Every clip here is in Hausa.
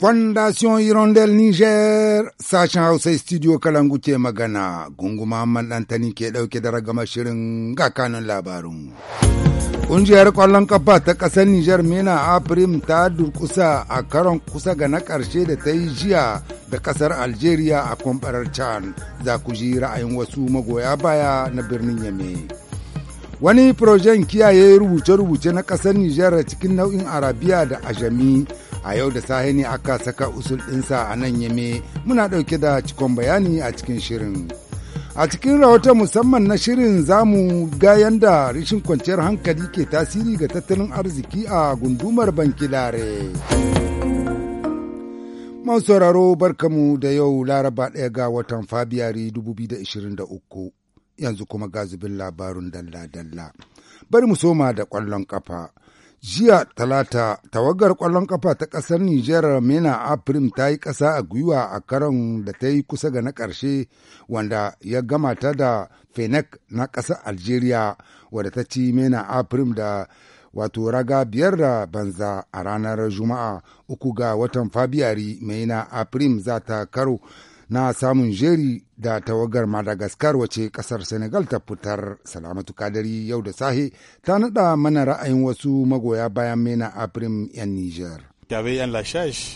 Fondation Hirondelle Niger sashen Hausa studio Kalangu ke magana gungu Muhammad Dantani ke dauke da ragama shirin ga kanun labarin. Ƙungiyar kwallon kafa ta kasar Niger Mena Afrim ta durkusa a karon kusa ga na ƙarshe da ta yi jiya da ƙasar Algeria a kwamfarar Chan za ku ji ra'ayin wasu magoya baya na birnin Yame. wani projen kiyaye rubuce-rubuce na kasar Nijar cikin nau'in Arabiya da Ajami a yau da sahi ne aka saka usul ɗinsa a nan yame muna ɗauke da cikon bayani a cikin shirin a cikin rahoton musamman na shirin zamu ga yanda rashin kwanciyar hankali ke tasiri ga tattalin arziki a gundumar banki lare. Mau sauraro barkamu da yau laraba ɗaya ga watan fabiyari 2023 yanzu kuma ga zubin labarun dalla-dalla bari mu soma da ƙwallon ƙafa Jiya Talata, tawagar kwallon kafa ta kasar Nijar Mena Afrim ta yi kasa a gwiwa a karon da ta yi kusa ga na ƙarshe wanda ya gama ta da Fenek na ƙasar Algeria wadda ta ci Mena Afrim da wato raga biyar da banza a ranar Juma'a uku ga watan Fabiyari Mena Afrim za ta karo na samun jeri da tawagar Madagascar wace kasar Senegal ta fitar salamatu kadari yau da sahe ta nada mana ra'ayin wasu magoya bayan mena Afrim 'yan niger.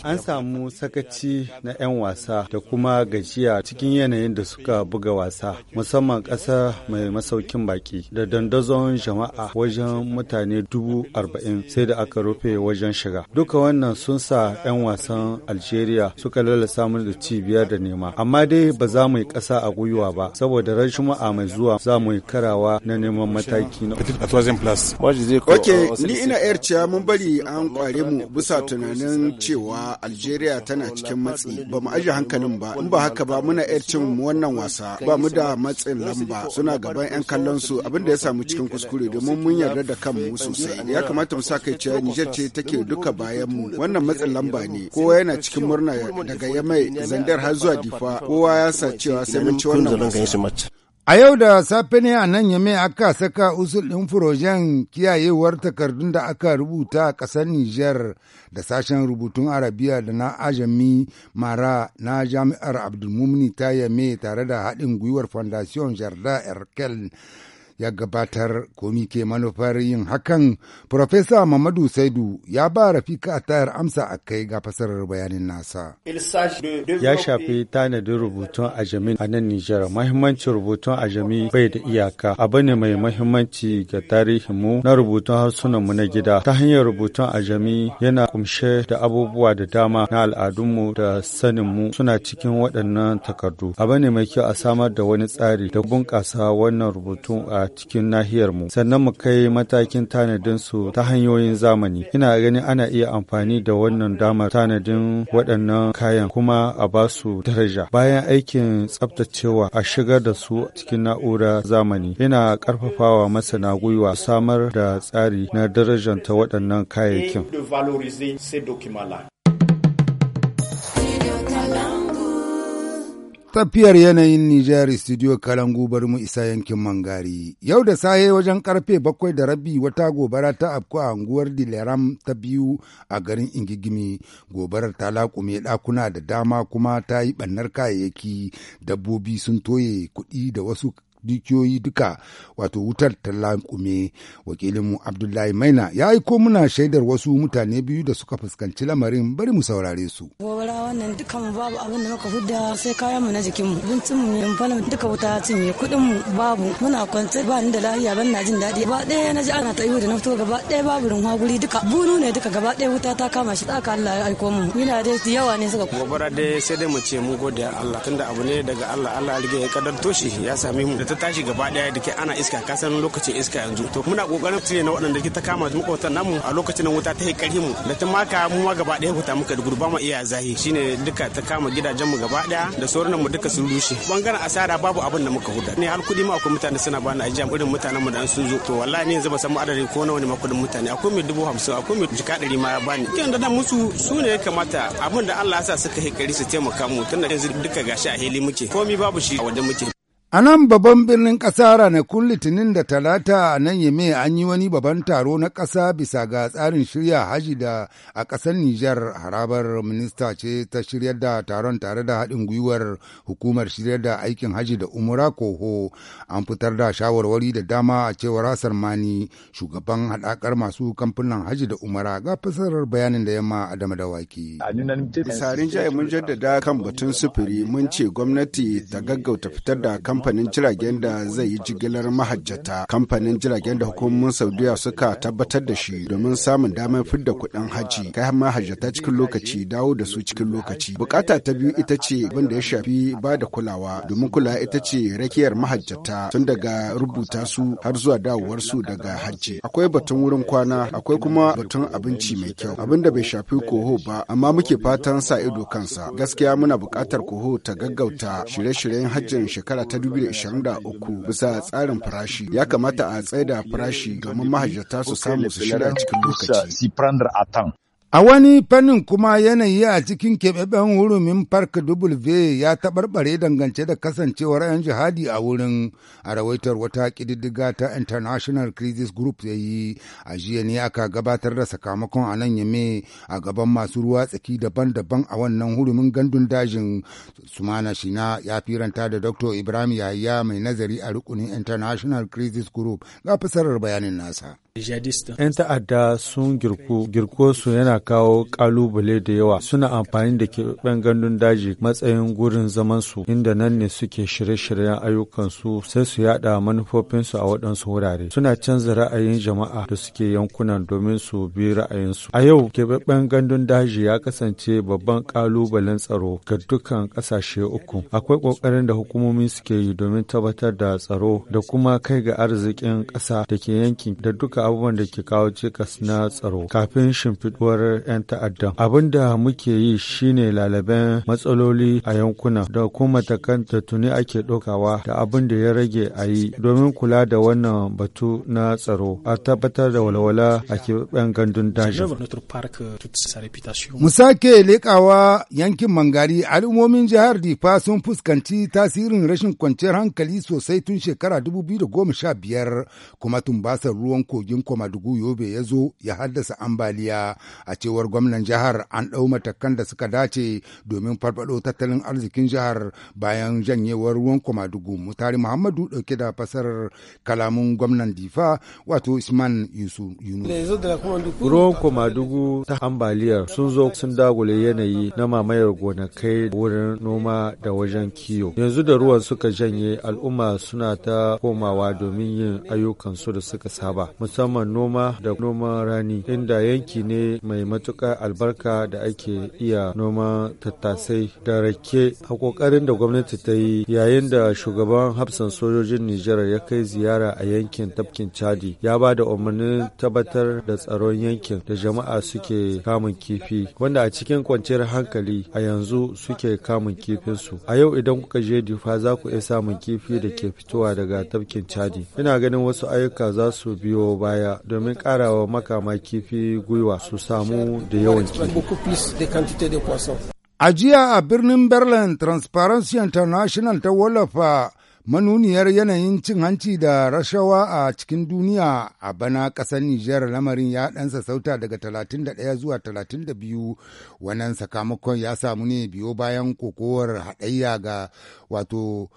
An samu sakaci na 'yan wasa da kuma gajiya cikin yanayin da suka buga wasa, musamman ƙasa mai masaukin baki da dandazon jama'a wajen mutane dubu arba'in sai da aka rufe wajen shiga. Duka wannan sun sa 'yan wasan Algeria suka lalasa samun da cibiyar da nema. Amma dai ba za mu yi ƙasa a gwiwa ba, saboda ran juma'a mai zuwa za mu yi karawa na neman mataki na. Ok, euh, ni ina 'yar mun bari an kware mu bisa tunani. tunanin cewa Algeria tana cikin matsi ba mu aje hankalin ba in ba haka ba muna yar cin wannan wasa ba mu da matsin lamba suna gaban yan kallon su abin da ya samu cikin kuskure domin mun yarda da kanmu sosai ya kamata mu sa kai cewa Niger ce take duka bayan mu wannan matsin lamba ne kowa yana cikin murna daga Yamai Zandar har zuwa Difa kowa ya sa cewa sai mun ci wannan wasa A yau da safe ne a nan yame aka saka usul ɗin furojen kiyayewar takardun da aka rubuta a ƙasar Nijar da sashen rubutun Arabiya da na Ajami Mara na Jami'ar Abdulmumni ta yame tare da haɗin gwiwar Fondation Jarda Erkel ya gabatar komi ke manufar yin hakan Profesa Mamadu Saidu ya ba Rafika a tayar amsa a kai ga fasarar bayanin nasa. Ya shafi tanadin rubutun ajami a nan Nijar. Mahimmancin rubutun ajami bai da iyaka. Abu ne mai mahimmanci ga tarihinmu na rubutun harsunanmu na gida. Ta hanyar rubutun ajami yana kumshe da abubuwa da dama na al'adunmu da saninmu suna cikin waɗannan takardu. Abu ne mai kyau a samar da wani tsari da bunƙasa wannan rubutun a a cikin nahiyarmu sannan mu kai matakin tanadin su ta hanyoyin zamani ina ganin ana iya amfani da wannan damar tanadin waɗannan kayan kuma a ba su daraja bayan aikin tsaftacewa a shigar da su cikin na'ura zamani Ina ƙarfafawa masana gwiwa samar da tsari na darajanta waɗannan kayayyakin tafiyar yanayin Nijar studio Kalangu bari mu isa yankin Mangari. Yau da sahe wajen karfe bakwai da rabi wata gobara ta afku a unguwar Dileram ta biyu a garin Ingigimi. Gobarar ta laƙume ɗakuna da dama kuma ta yi ɓannar kayayyaki, dabbobi sun toye kuɗi da wasu dukiyoyi duka wato wutar ta lankume wakilinmu abdullahi maina ya aiko muna shaidar wasu mutane biyu da suka fuskanci lamarin bari mu saurare su gobara wannan dukan babu abin da muka hudda sai kayan mu na jikin mu bincin mu yan falon duka wuta mu kuɗin mu babu muna kwance ba ni da lafiya ban na jin daɗi ba ɗaya na ji ana ta yi da na fito gaba ɗaya babu rinwa guri duka bunu ne duka gaba ɗaya wuta ta kama shi tsaka Allah ya aiko mu yana da yawa ne suka gobara dai sai dai mu ce mu gode Allah tunda abu ne daga Allah Allah ya riga ya kadarto shi ya same mu da ta tashi gaba daya da ke ana iska kasan lokacin iska yanzu to muna kokarin cire na waɗanda ke ta kama makwabtan namu a lokacin wuta ta yi mu da ta maka mu ma gaba daya wuta muka gurba mu iya zahi shine duka ta kama gidajen mu gaba daya da sauran mu duka sun rushe bangaren asara babu abin da muka huda ne har kudi ma akwai mutane suna bani ajiya irin mutanen mu da an sun zo to wallahi ne zaba ba samu adadin ko nawa ne ma kudin mutane akwai mai dubu hamsin akwai mai jika ɗari ma ya bani kiran da musu su ne ya kamata abin da Allah ya sa suka hikari su taimaka mu tunda yanzu duka gashi a heli muke komi babu shi a wajen muke A nan babban birnin ƙasa ranakun Litinin da Talata a nan Yame an yi wani babban taro na ƙasa bisa ga tsarin shirya haji da a ƙasar Nijar harabar minista ce ta shiryar da taron tare da haɗin gwiwar hukumar shiryar da aikin haji da umura koho an fitar da shawarwari da dama a cewar Hassan Mani shugaban haɗakar masu kamfanin haji da umara ga fasarar bayanin da yamma Adama Dawaki. Sarin jaye mun jaddada kan batun sufuri mun ce gwamnati ta gaggauta fitar da kamfanin kamfanin jiragen da zai yi jigilar mahajjata kamfanin jiragen da hukumomin saudiya suka tabbatar da shi domin samun damar fidda kuɗin haji kai mahajjata cikin lokaci dawo da su cikin lokaci bukata ta biyu ita ce abin da ya shafi ba da kulawa domin kula ita ce rakiyar mahajjata tun daga rubuta su har zuwa dawowar su daga hajji akwai batun wurin kwana akwai kuma batun abinci mai kyau abin da bai shafi koho ba amma muke fatan sa ido kansa gaskiya muna bukatar koho ta gaggauta shirye-shiryen hajjin shekara ta 2023 bisa tsarin farashi ya kamata a tsaida farashi domin mahajjata su samu su shirya cikin lokaci. A wani fannin kuma yanayi a cikin keɓeɓen hurumin Park W ya taɓarɓare dangance da kasancewar 'yan jihadi a wurin a rawaitar wata ƙididdiga ta International Crisis Group ya yi a jiya ne aka gabatar da sakamakon a nan yame a gaban masu ruwa tsaki daban-daban a wannan hurumin gandun dajin Sumana Shina ya firanta da Dr. Ibrahim Yahaya mai nazari a rukunin International Crisis Group ga fasarar bayanin nasa. 'Yan ta'adda sun girku, girko yana kawo kalubale da yawa suna amfani da keɓen gandun daji matsayin gurin zamansu inda nan ne suke shirye-shiryen ayyukansu sai su yada manufofinsu a waɗansu wurare. Suna canza ra'ayin jama'a da suke yankunan domin su bi ra'ayinsu. A yau keɓaɓɓen gandun daji ya kasance babban kalubalen tsaro ga dukkan ƙasashe uku. Akwai ƙoƙarin da hukumomi suke yi domin tabbatar da tsaro da kuma kai ga arzikin ƙasa da ke yankin da duka abubuwan da ke kawo cikas na tsaro kafin shimfiduwar 'yan ta'addan. Abin da muke yi shine lalaben matsaloli a yankuna da kuma matakan tuni ake ɗaukawa da abin da ya rage a yi domin kula da wannan batu na tsaro a tabbatar da walwala a keɓen gandun dajin. Mu sake leƙawa yankin Mangari al'ummomin jihar Difa sun fuskanci tasirin rashin kwanciyar hankali sosai tun shekara 2015 kuma tun tumbasar ruwan kogin kogin Komadugu Yobe ya zo ya haddasa ambaliya a cewar gwamnan jihar an ɗau matakan da suka dace domin farfaɗo tattalin arzikin jihar bayan janyewar ruwan Komadugu. Mutari Muhammadu ɗauke da fasarar kalamun gwamnan Difa wato isman Yusuf Yunus. Ruwan Komadugu ta ambaliyar sun zo sun dagule yanayi na mamayar gonakai wurin noma da wajen kiyo. Yanzu da ruwan suka janye al'umma suna ta komawa domin yin ayyukansu da suka saba. Musamman musamman noma da noman rani inda yanki ne mai matuƙar albarka da ake iya noma tattasai da rake a ƙoƙarin da gwamnati ta yi yayin da shugaban hafsan sojojin Nijar ya kai ziyara a yankin tafkin Chadi ya ba da umarnin tabbatar da tsaron yankin da jama'a suke kamun kifi wanda a cikin kwanciyar hankali a yanzu suke kamun kifinsu a yau idan kuka je difa za ku iya samun kifi da ke fitowa daga tafkin Chadi ina ganin wasu ayyuka za su biyo baya domin ƙarawa makama kifi gwiwa su samu da yawan A jiya a birnin Berlin Transparency International ta wallafa manuniyar yanayin cin hanci da rashawa a cikin duniya a bana ƙasar Nijar lamarin ya ɗansa sauta daga 31 zuwa 32 wannan sakamakon ya samu ne biyo bayan kokowar haɗayya ga wato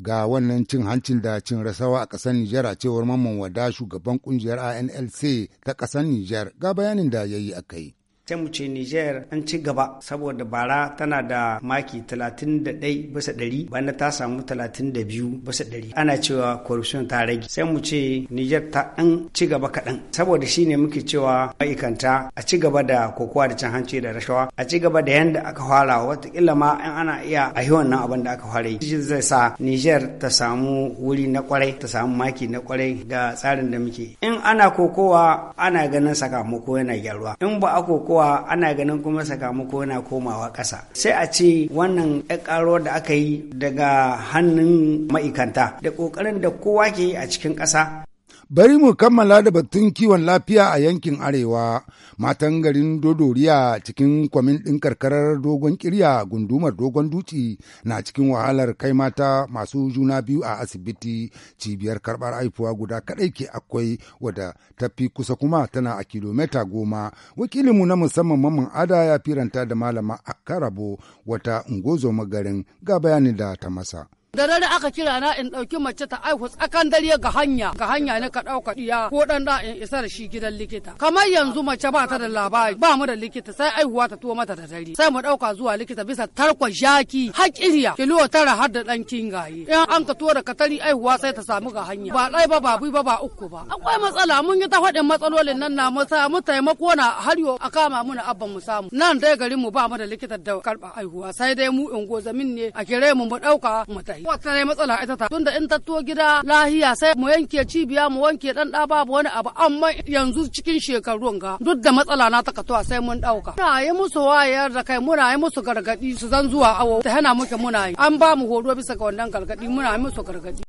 ga wannan cin hancin da cin rasawa a ƙasar Nijar a cewar mamman wada shugaban kungiyar ANLC ta ƙasar Nijar ga bayanin da ya yi a kai. sai mu ce Niger an ci gaba saboda bara tana da maki 31 bisa 100 bana ta samu 32 bisa 100 ana cewa corruption ta rage sai mu ce Niger ta an ci gaba kaɗan saboda shine muke cewa ma'aikanta a ci gaba da kokowa da can hanci da rashawa a ci gaba da yanda aka fara kila ma in ana iya a yi wannan abin da aka fara yi zai sa Niger ta samu wuri na kwarai ta samu maki na kwarai da tsarin da muke in ana kokowa ana ganin sakamako yana gyaruwa in ba a kokowa kowa ana ganin kuma sakamako yana komawa ƙasa sai a ce wannan ƙaro da aka yi daga hannun ma'ikanta da ƙoƙarin da kowa ke yi a cikin ƙasa Bari mu kammala da batun kiwon lafiya a yankin Arewa, matan garin Dodoriya cikin kwamin ɗin karkarar dogon kirya gundumar dogon dutse na cikin wahalar kai mata masu juna biyu a asibiti cibiyar karɓar haifuwa guda kaɗai ke akwai wadda tafi kusa kuma tana a kilomita goma. Wakilinmu na musamman Mamman Ada ya firanta da malama Akarabo wata ungozo magarin ga bayani da ta masa. Da dare aka kira na in ɗauki mace ta aihu tsakan dare ga hanya, ga hanya ne ka ɗauka ɗiya ko ɗan da in isar da shi gidan likita. Kamar yanzu mace ba ta da labari ba mu da likita sai aihuwa ta tuwo mata da dare. Sai mu ɗauka zuwa likita bisa tarko jaki haƙiriya kilo tara har da ɗan kingaye. In an ka tuwo da katari aihuwa sai ta samu ga hanya. Ba ɗai ba ba bi ba ba uku ba. Akwai matsala mun yi ta faɗin matsalolin nan na mu samu taimako na har yau a kama mu na abban mu samu. Nan dai garin mu ba mu da likita da karɓa aihuwa sai dai mu in gozamin ne a kire mu mu ɗauka mu ta yi wata ne matsala ita ta tunda in tatto gida lahiya sai mu yanke cibiya mu wanke dan da babu wani abu amma yanzu cikin shekarun ga duk da matsala na ta katuwa sai mun dauka muna yi musu wayar da kai muna yi musu gargadi su zan zuwa awo ta hana muke muna yi an ba mu horo bisa ga wannan gargadi muna yi musu gargadi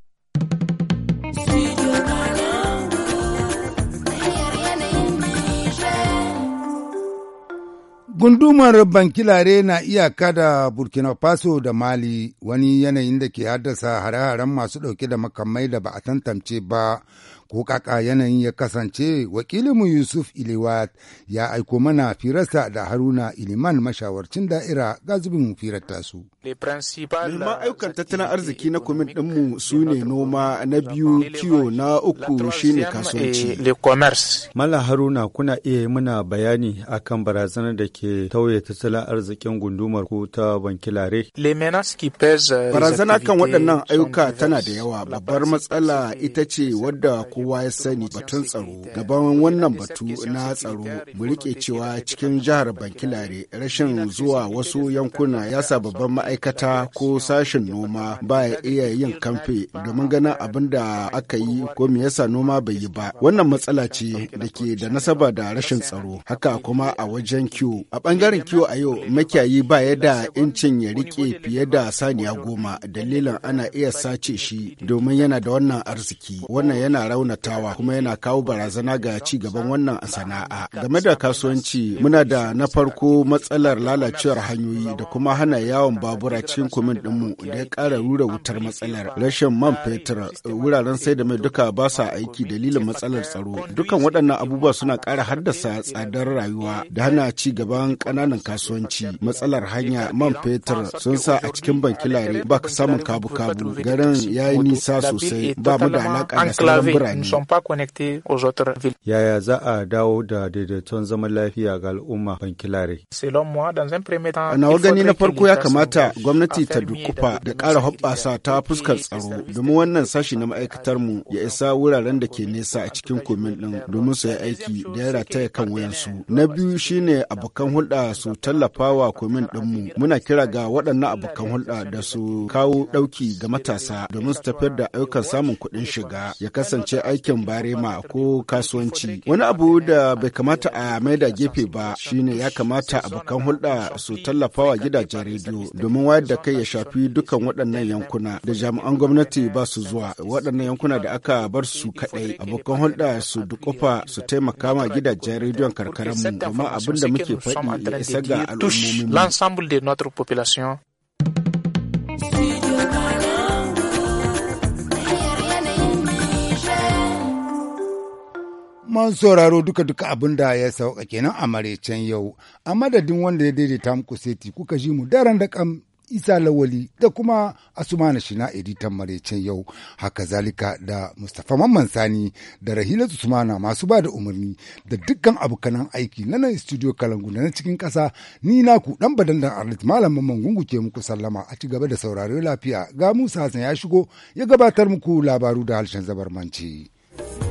Gundumar bankilare na iyaka da Burkina Faso da Mali wani yanayin da ke haddasa hare-haren masu ɗauke da makamai da ba a tantance ba ko kaka yanayin ya kasance wakilinmu Yusuf Iliwat ya aiko mana firarsa da Haruna Iliman mashawarcin da'ira ga zubin firar tasu. Muhimman ayyukan tattalin arziki na kumin ɗinmu su ne noma na biyu kiwo na uku shi ne kasuwanci. Mala Haruna kuna iya yi muna bayani akan barazanar da ke tauye tattalin arzikin gundumar ku ta Bankilare. Barazana kan waɗannan ayyuka tana da yawa babbar matsala ita ce wadda kowa ya sani batun tsaro. Gaban wannan batu na tsaro mu riƙe cewa cikin jihar Bankilare rashin zuwa wasu yankuna ya sa babban ma'aikata ko sashen noma ba ya iya yin kamfe domin ganin abin da aka yi ko me yasa noma bai yi ba. Wannan matsala ce da ke da nasaba da rashin tsaro. Haka kuma a wajen kiwo. A bangaren kiwo a yau makiyayi ba ya da incin ya rike fiye da saniya goma dalilin ana iya sace shi domin yana da wannan arziki. Wannan yana raunatawa kuma yana kawo barazana ga ci gaban wannan sana'a. Game da kasuwanci muna da na farko matsalar lalacewar hanyoyi da kuma hana yawon babu babura cikin kumin dinmu da ya kara rura wutar matsalar. Rashin man fetur wuraren sai da mai duka ba sa aiki dalilin matsalar tsaro. Dukan waɗannan abubuwa suna ƙara haddasa tsadar rayuwa da hana ci gaban ƙananan kasuwanci. Matsalar hanya man fetur sun sa a cikin bankilare ba ka samun kabu-kabu. Garin ya yi nisa sosai ba mu da alaƙa da sauran birane. Yaya za a dawo da daidaiton zaman lafiya ga al'umma bankilare? A wa gani na farko ya kamata gwamnati ta dukufa da ƙara hoɓɓasa ta fuskar tsaro domin wannan sashi na mu ya isa wuraren da ke nesa a cikin komin ɗin domin su yi aiki da ya rataya kan wayansu. Na biyu shine abokan hulɗa su tallafa wa komin mu. Muna kira ga waɗannan abokan hulɗa da su kawo ɗauki ga matasa domin su tafiyar da ayyukan samun kuɗin shiga ya kasance aikin barema ko kasuwanci. Wani abu da bai kamata a maida gefe ba shine ya kamata abokan hulɗa su tallafa wa gidajen rediyo domin domin wayar da kai ya shafi dukkan waɗannan yankuna da jami'an gwamnati ba su zuwa waɗannan yankuna da aka bar su kaɗai abokan hulɗa su dukufa su taimaka ma gidajen rediyon karkararmu amma abin da muke faɗi ya isa ga al'ummomin man sauraro duka-duka abin da ya sauka kenan a maraicen yau a madadin wanda ya daidaita muku seti kuka ji mu daren da kam isa lawali da kuma asumana shina editan maraicen yau haka zalika da mustapha mamman sani da rahila usmana masu ba da umarni da dukkan abokanan aiki na nan studio kalangu na cikin kasa ni naku dan badan dan arlit malam mamman gungu ke muku sallama a ci gaba da saurare lafiya ga musa hassan ya shigo ya gabatar muku labaru da harshen zabarmanci.